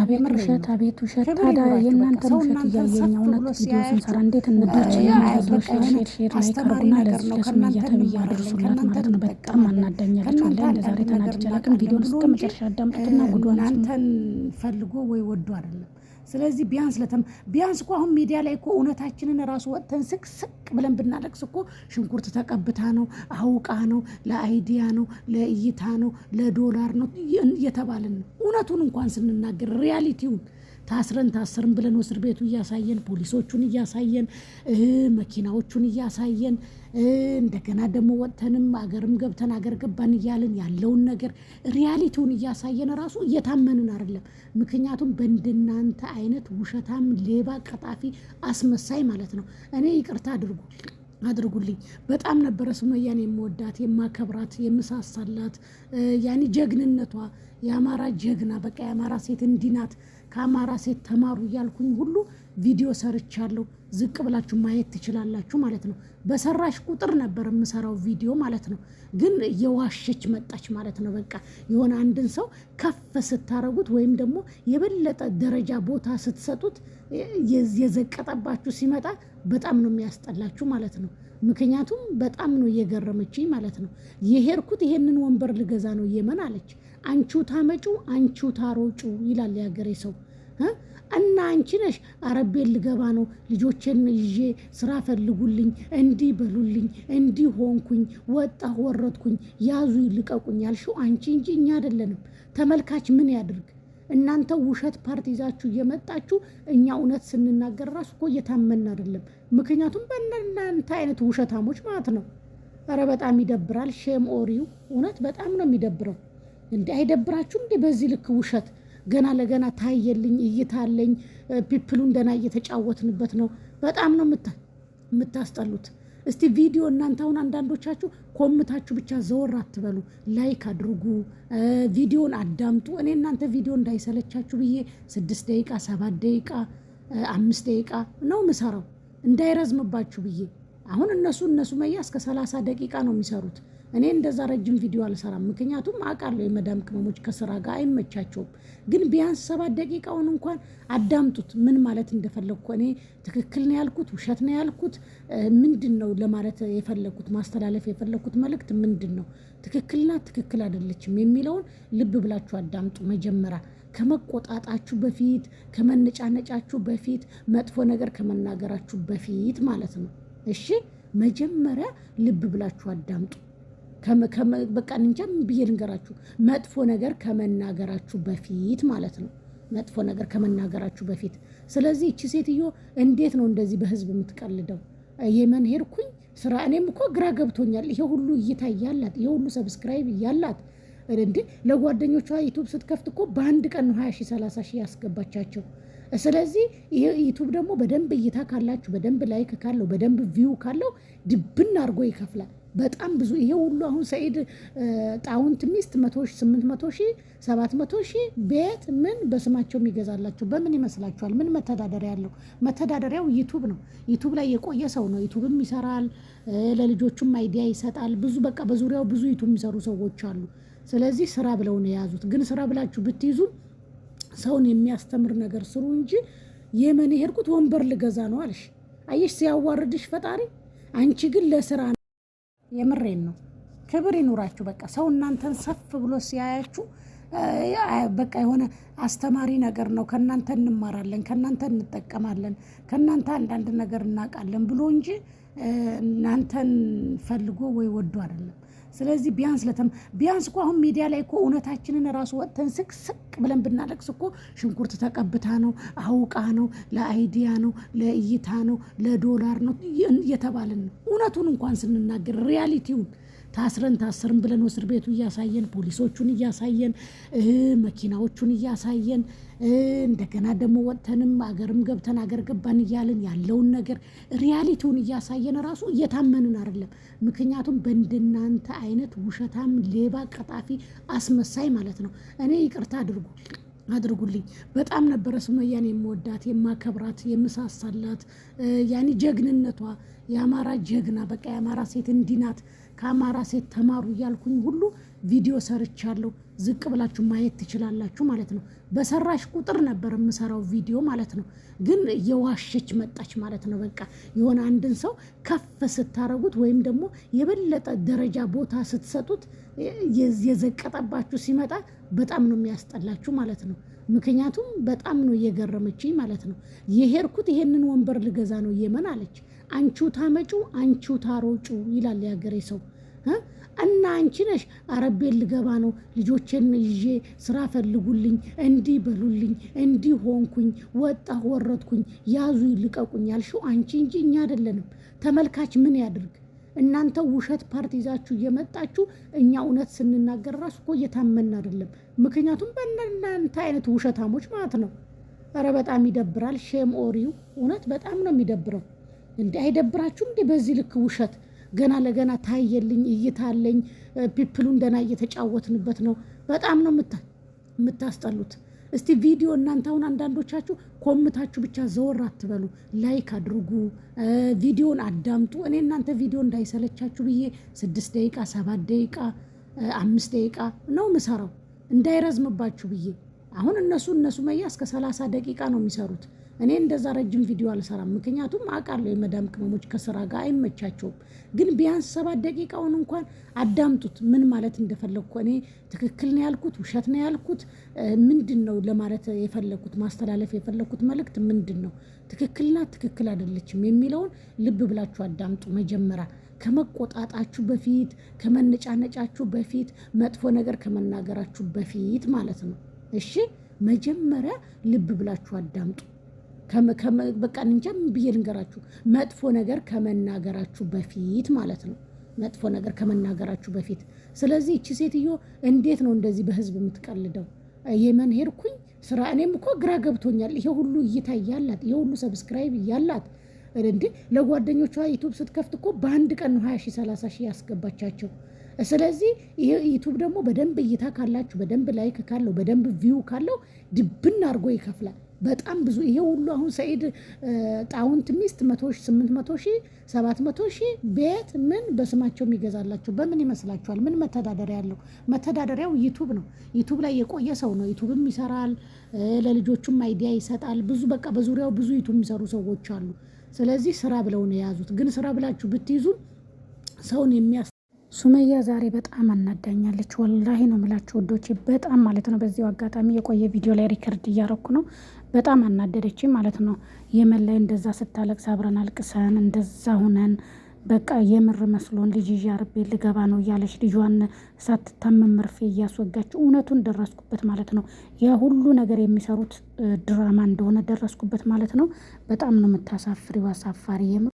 አቤት ውሸት፣ አቤት ውሸት። ታዲያ የእናንተ ውሸት እያየኝ እውነት ቪዲዮ ስንሰራ እንዴት እንደች ሼር ላይ አድርሱላት ማለት ነው። በጣም አናዳኛለች። ወላሂ ተናድጄ አላውቅም። ቪዲዮን እስከ መጨረሻ አዳምጡትና ፈልጎ ወይ ወዶ አይደለም ስለዚህ ቢያንስ ለተም ቢያንስ እኮ አሁን ሚዲያ ላይ እኮ እውነታችንን ራሱ ወጥተን ስቅ ብለን ብናለቅስ እኮ ሽንኩርት ተቀብታ ነው፣ አውቃ ነው፣ ለአይዲያ ነው፣ ለእይታ ነው፣ ለዶላር ነው እየተባልን ነው። እውነቱን እንኳን ስንናገር ሪያሊቲውን ታስረን ታስርን ብለን እስር ቤቱ እያሳየን ፖሊሶቹን እያሳየን መኪናዎቹን እያሳየን እንደገና ደግሞ ወጥተንም አገርም ገብተን አገር ገባን እያልን ያለውን ነገር ሪያሊቲውን እያሳየን ራሱ እየታመንን አይደለም። ምክንያቱም በእንደናንተ አይነት ውሸታም፣ ሌባ፣ ቀጣፊ፣ አስመሳይ ማለት ነው። እኔ ይቅርታ አድርጉ አድርጉልኝ በጣም ነበረ ስመያን የምወዳት የማከብራት የምሳሳላት ያኔ ጀግንነቷ የአማራ ጀግና በቃ የአማራ ሴት እንዲናት ከአማራ ሴት ተማሩ እያልኩኝ ሁሉ ቪዲዮ ሰርቻለሁ። ዝቅ ብላችሁ ማየት ትችላላችሁ ማለት ነው። በሰራሽ ቁጥር ነበር የምሰራው ቪዲዮ ማለት ነው። ግን የዋሸች መጣች ማለት ነው። በቃ የሆነ አንድን ሰው ከፍ ስታረጉት ወይም ደግሞ የበለጠ ደረጃ ቦታ ስትሰጡት የዘቀጠባችሁ ሲመጣ በጣም ነው የሚያስጠላችሁ ማለት ነው። ምክንያቱም በጣም ነው እየገረመችኝ ማለት ነው። የሄድኩት ይሄንን ወንበር ልገዛ ነው የመን አለች። አንቺው ታመጩ አንቺው ታሮጩ ይላል የሀገሬ ሰው እና አንቺ ነሽ አረቤን ልገባ ነው ልጆቼን ይዤ ስራ ፈልጉልኝ፣ እንዲህ በሉልኝ፣ እንዲህ ሆንኩኝ፣ ወጣሁ፣ ወረድኩኝ፣ ያዙ፣ ልቀቁኝ ያልሽው አንቺ እንጂ እኛ አይደለንም። ተመልካች ምን ያድርግ? እናንተ ውሸት ፓርቲ ይዛችሁ እየመጣችሁ እኛ እውነት ስንናገር ራሱ እኮ እየታመን አይደለም። ምክንያቱም በእናንተ አይነት ውሸታሞች ማለት ነው። ኧረ በጣም ይደብራል። ሼም ኦሪው እውነት በጣም ነው የሚደብረው። እንዲህ አይደብራችሁ እንዴ? በዚህ ልክ ውሸት ገና ለገና ታየልኝ እይታለኝ ፒፕሉን ገና እየተጫወትንበት ነው። በጣም ነው የምታስጠሉት። እስቲ ቪዲዮ እናንተ አሁን አንዳንዶቻችሁ ኮምታችሁ ብቻ ዘወር አትበሉ፣ ላይክ አድርጉ፣ ቪዲዮን አዳምጡ። እኔ እናንተ ቪዲዮ እንዳይሰለቻችሁ ብዬ ስድስት ደቂቃ ሰባት ደቂቃ አምስት ደቂቃ ነው ምሰራው እንዳይረዝምባችሁ ብዬ አሁን እነሱ እነሱ መያ እስከ ሰላሳ ደቂቃ ነው የሚሰሩት። እኔ እንደዛ ረጅም ቪዲዮ አልሰራም፣ ምክንያቱም አውቃለሁ የመዳም ቅመሞች ከስራ ጋር አይመቻቸውም። ግን ቢያንስ ሰባት ደቂቃውን እንኳን አዳምጡት፣ ምን ማለት እንደፈለግኩ እኔ ትክክል ነው ያልኩት፣ ውሸት ነው ያልኩት፣ ምንድን ነው ለማለት የፈለግኩት ማስተላለፍ የፈለግኩት መልእክት ምንድን ነው፣ ትክክልና ትክክል አይደለችም የሚለውን ልብ ብላችሁ አዳምጡ መጀመሪያ ከመቆጣጣችሁ በፊት ከመነጫነጫችሁ በፊት መጥፎ ነገር ከመናገራችሁ በፊት ማለት ነው። እሺ መጀመሪያ ልብ ብላችሁ አዳምጡ። በቃ እንጃ ምን ብዬ ልንገራችሁ፣ መጥፎ ነገር ከመናገራችሁ በፊት ማለት ነው። መጥፎ ነገር ከመናገራችሁ በፊት ስለዚህ እቺ ሴትዮ እንዴት ነው እንደዚህ በህዝብ የምትቀልደው? የመን ሄድኩኝ ስራ እኔም እኮ ግራ ገብቶኛል። ይሄ ሁሉ እይታ እያላት ይሄ ሁሉ ሰብስክራይብ እያላት እንዴ ለጓደኞቿ ዩቱብ ስትከፍት እኮ በአንድ ቀን ነው ሀያ ሺህ ሰላሳ ሺ ያስገባቻቸው። ስለዚህ ዩቱብ ደግሞ በደንብ እይታ ካላችሁ፣ በደንብ ላይክ ካለው፣ በደንብ ቪው ካለው ድብን አድርጎ ይከፍላል። በጣም ብዙ ይሄ ሁሉ አሁን ሰኢድ ጣውንት ሚስት መቶ ሺህ ስምንት መቶ ሺ ሰባት መቶ ሺህ ቤት ምን በስማቸው የሚገዛላቸው በምን ይመስላችኋል? ምን መተዳደሪያ ያለው? መተዳደሪያው ዩቱብ ነው። ዩቱብ ላይ የቆየ ሰው ነው። ዩቱብም ይሰራል፣ ለልጆቹም አይዲያ ይሰጣል። ብዙ በቃ በዙሪያው ብዙ ዩቱብ የሚሰሩ ሰዎች አሉ። ስለዚህ ስራ ብለው ነው የያዙት። ግን ስራ ብላችሁ ብትይዙም ሰውን የሚያስተምር ነገር ስሩ እንጂ የመን የሄድኩት ወንበር ልገዛ ነው አልሽ። አየሽ ሲያዋርድሽ ፈጣሪ። አንቺ ግን ለስራ የምሬን ነው። ክብር ይኑራችሁ። በቃ ሰው እናንተን ሰፍ ብሎ ሲያያችሁ በቃ የሆነ አስተማሪ ነገር ነው። ከእናንተ እንማራለን፣ ከእናንተ እንጠቀማለን፣ ከእናንተ አንዳንድ ነገር እናውቃለን ብሎ እንጂ እናንተን ፈልጎ ወይ ወዶ አይደለም። ስለዚህ ቢያንስ ለተም ቢያንስ እኮ አሁን ሚዲያ ላይ እኮ እውነታችንን ራሱ ወጥተን ስቅ ስቅ ብለን ብናለቅስ እኮ ሽንኩርት ተቀብታ ነው፣ አውቃ ነው፣ ለአይዲያ ነው፣ ለእይታ ነው፣ ለዶላር ነው እየተባልን ነው። እውነቱን እንኳን ስንናገር ሪያሊቲውን ታስረን ታስርን ብለን እስር ቤቱ እያሳየን ፖሊሶቹን እያሳየን መኪናዎቹን እያሳየን እንደገና ደግሞ ወጥተንም አገርም ገብተን አገር ገባን እያልን ያለውን ነገር ሪያሊቲውን እያሳየን ራሱ እየታመንን አይደለም። ምክንያቱም በእንደናንተ አይነት ውሸታም፣ ሌባ፣ ቀጣፊ፣ አስመሳይ ማለት ነው። እኔ ይቅርታ አድርጉ አድርጉልኝ በጣም ነበረ ሱመያን የምወዳት የማከብራት የምሳሳላት ያኔ ጀግንነቷ የአማራ ጀግና በቃ የአማራ ሴት እንዲናት ከአማራ ሴት ተማሩ እያልኩኝ ሁሉ ቪዲዮ ሰርቻለሁ። ዝቅ ብላችሁ ማየት ትችላላችሁ ማለት ነው። በሰራሽ ቁጥር ነበር የምሰራው ቪዲዮ ማለት ነው። ግን የዋሸች መጣች ማለት ነው። በቃ የሆነ አንድን ሰው ከፍ ስታረጉት ወይም ደግሞ የበለጠ ደረጃ ቦታ ስትሰጡት የዘቀጠባችሁ ሲመጣ በጣም ነው የሚያስጠላችሁ ማለት ነው። ምክንያቱም በጣም ነው እየገረመችኝ ማለት ነው። የሄድኩት ይሄንን ወንበር ልገዛ ነው የመን አለች። አንቺው ታመጩ አንቺው ታሮጩ ይላል ያገሬ ሰው እና አንቺ ነሽ አረቤን ልገባ ነው ልጆቼን ይዤ ስራ ፈልጉልኝ፣ እንዲህ በሉልኝ፣ እንዲህ ሆንኩኝ፣ ወጣሁ፣ ወረድኩኝ፣ ያዙ፣ ልቀቁኝ ያልሽው አንቺ እንጂ እኛ አይደለንም። ተመልካች ምን ያድርግ? እናንተ ውሸት ፓርቲ ይዛችሁ እየመጣችሁ እኛ እውነት ስንናገር ራሱ እኮ እየታመን አይደለም። ምክንያቱም በእናንተ አይነት ውሸታሞች ማለት ነው። ኧረ በጣም ይደብራል። ሼም ኦሪው እውነት በጣም ነው የሚደብረው። እንዲ አይደብራችሁም? እንዲ በዚህ ልክ ውሸት ገና ለገና ታየልኝ እይታለኝ ፒፕሉ እንደና እየተጫወትንበት ነው። በጣም ነው የምታስጠሉት። እስቲ ቪዲዮ እናንተ አሁን አንዳንዶቻችሁ ኮምታችሁ ብቻ ዘወር አትበሉ፣ ላይክ አድርጉ፣ ቪዲዮን አዳምጡ። እኔ እናንተ ቪዲዮ እንዳይሰለቻችሁ ብዬ ስድስት ደቂቃ ሰባት ደቂቃ አምስት ደቂቃ ነው ምሰራው እንዳይረዝምባችሁ ብዬ አሁን እነሱ እነሱ መያ እስከ ሰላሳ ደቂቃ ነው የሚሰሩት። እኔ እንደዛ ረጅም ቪዲዮ አልሰራም፣ ምክንያቱም አውቃለሁ የመዳም ቅመሞች ከስራ ጋር አይመቻቸውም። ግን ቢያንስ ሰባት ደቂቃውን እንኳን አዳምጡት፣ ምን ማለት እንደፈለግኩ እኔ ትክክል ነው ያልኩት ውሸት ነው ያልኩት ምንድን ነው ለማለት የፈለግኩት ማስተላለፍ የፈለግኩት መልእክት ምንድን ነው፣ ትክክልና ትክክል አይደለችም የሚለውን ልብ ብላችሁ አዳምጡ መጀመሪያ ከመቆጣጣችሁ በፊት ከመነጫነጫችሁ በፊት መጥፎ ነገር ከመናገራችሁ በፊት ማለት ነው። እሺ መጀመሪያ ልብ ብላችሁ አዳምጡ። በቃ እንጃ ምን ብዬ ልንገራችሁ፣ መጥፎ ነገር ከመናገራችሁ በፊት ማለት ነው። መጥፎ ነገር ከመናገራችሁ በፊት። ስለዚህ እቺ ሴትዮ እንዴት ነው እንደዚህ በህዝብ የምትቀልደው? የመን ሄድኩኝ ስራ እኔም እኮ ግራ ገብቶኛል። ይሄ ሁሉ እይታ እያላት ይሄ ሁሉ ሰብስክራይብ እያላት እንዴ ለጓደኞቿ ዩቱብ ስትከፍት እኮ በአንድ ቀን ነው ሀያ ሺ ሰላሳ ሺ ያስገባቻቸው። ስለዚህ ዩቱብ ደግሞ በደንብ እይታ ካላችሁ፣ በደንብ ላይክ ካለው፣ በደንብ ቪው ካለው ድብን አድርጎ ይከፍላል። በጣም ብዙ ይሄ ሁሉ አሁን ሰኢድ ጣውንት ሚስት መቶ ሺህ ስምንት መቶ ሺህ ሰባት መቶ ሺህ ቤት ምን በስማቸው የሚገዛላቸው በምን ይመስላችኋል? ምን መተዳደሪያ ያለው? መተዳደሪያው ዩቱብ ነው። ዩቱብ ላይ የቆየ ሰው ነው። ዩቱብም ይሰራል፣ ለልጆቹም አይዲያ ይሰጣል። ብዙ በቃ በዙሪያው ብዙ ዩቱብ የሚሰሩ ሰዎች አሉ። ስለዚህ ስራ ብለው ነው የያዙት። ግን ስራ ብላችሁ ብትይዙ ሰውን የሚያስ ሱመያ ዛሬ በጣም አናዳኛለች። ወላሂ ነው የምላችሁ ውዶች፣ በጣም ማለት ነው። በዚሁ አጋጣሚ የቆየ ቪዲዮ ላይ ሪከርድ እያረኩ ነው። በጣም አናደደች ማለት ነው። የመን ላይ እንደዛ ስታለቅስ አብረን አልቅሰን እንደዛ ሁነን በቃ የምር መስሎን ልጅ እያርቤ ልገባ ነው እያለች ልጇን ሳትታመም መርፌ እያስወጋች እውነቱን ደረስኩበት ማለት ነው። ያ ሁሉ ነገር የሚሰሩት ድራማ እንደሆነ ደረስኩበት ማለት ነው። በጣም ነው የምታሳፍሪው፣ አሳፋሪ